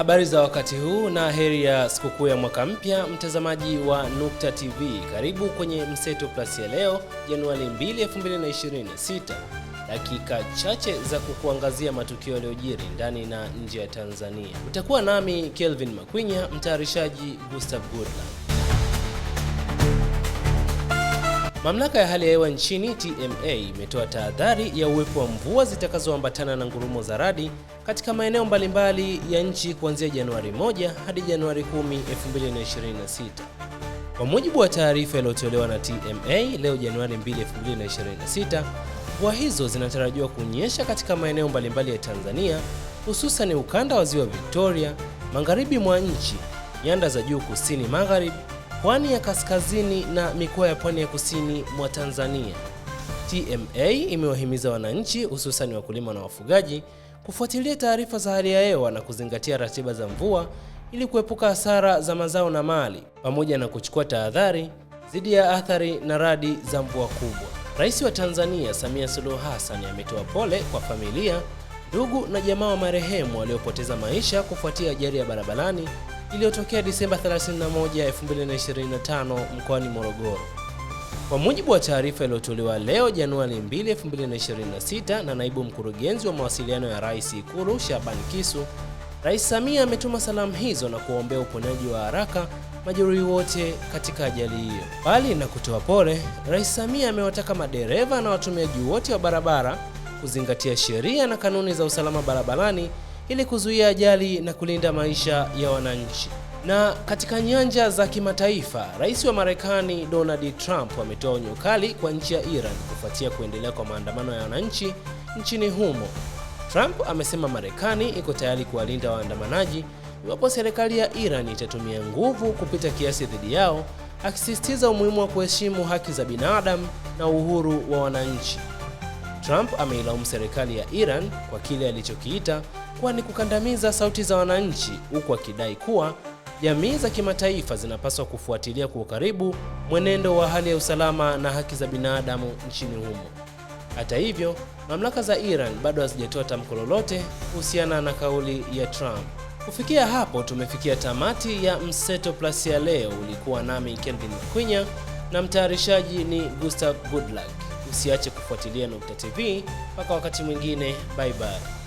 Habari za wakati huu na heri ya sikukuu ya mwaka mpya, mtazamaji wa Nukta TV, karibu kwenye Mseto Plus ya leo Januari 2, 2026, dakika chache za kukuangazia matukio yaliyojiri ndani na nje ya Tanzania. Utakuwa nami Kelvin Makwinya, mtayarishaji Gustav Goodland. Mamlaka ya hali ya hewa nchini TMA imetoa tahadhari ya uwepo wa mvua zitakazoambatana na ngurumo za radi katika maeneo mbalimbali ya nchi kuanzia Januari 1 hadi Januari 10, 2026. Kwa mujibu wa taarifa iliyotolewa na TMA leo Januari 2, 2026, mvua hizo zinatarajiwa kunyesha katika maeneo mbalimbali ya Tanzania, hususan ukanda wa Ziwa Victoria, magharibi mwa nchi, nyanda za juu kusini magharibi pwani ya kaskazini na mikoa ya pwani ya kusini mwa Tanzania. TMA imewahimiza wananchi hususani wakulima na wafugaji kufuatilia taarifa za hali ya hewa na kuzingatia ratiba za mvua ili kuepuka hasara za mazao na mali pamoja na kuchukua tahadhari dhidi ya athari na radi za mvua kubwa. Rais wa Tanzania Samia Suluhu Hassan ametoa pole kwa familia, ndugu na jamaa wa marehemu waliopoteza maisha kufuatia ajali ya barabarani iliyotokea Disemba 31, 2025 mkoani Morogoro. Kwa mujibu wa taarifa iliyotolewa leo Januari 2, 2026 na naibu mkurugenzi wa mawasiliano ya Rais Ikulu Shaban Kisu, Rais Samia ametuma salamu hizo na kuombea uponaji wa haraka majeruhi wote katika ajali hiyo. Mbali na kutoa pole, Rais Samia amewataka madereva na watumiaji wote wa barabara kuzingatia sheria na kanuni za usalama barabarani ili kuzuia ajali na kulinda maisha ya wananchi. Na katika nyanja za kimataifa, Rais wa Marekani Donald Trump ametoa onyo kali kwa nchi ya Iran kufuatia kuendelea kwa maandamano ya wananchi nchini humo. Trump amesema Marekani iko tayari kuwalinda waandamanaji iwapo serikali ya Iran itatumia nguvu kupita kiasi dhidi yao, akisisitiza umuhimu wa kuheshimu haki za binadamu na uhuru wa wananchi. Trump ameilaumu serikali ya Iran kwa kile alichokiita kwani kukandamiza sauti za wananchi, huku akidai kuwa jamii za kimataifa zinapaswa kufuatilia kwa ukaribu mwenendo wa hali ya usalama na haki za binadamu nchini humo. Hata hivyo, mamlaka za Iran bado hazijatoa tamko lolote kuhusiana na kauli ya Trump. Kufikia hapo, tumefikia tamati ya Mseto Plus ya leo. Ulikuwa nami Kelvin Kwinya na mtayarishaji ni Gustav Goodluck. Usiache kufuatilia Nukta TV. Mpaka wakati mwingine, bye bye.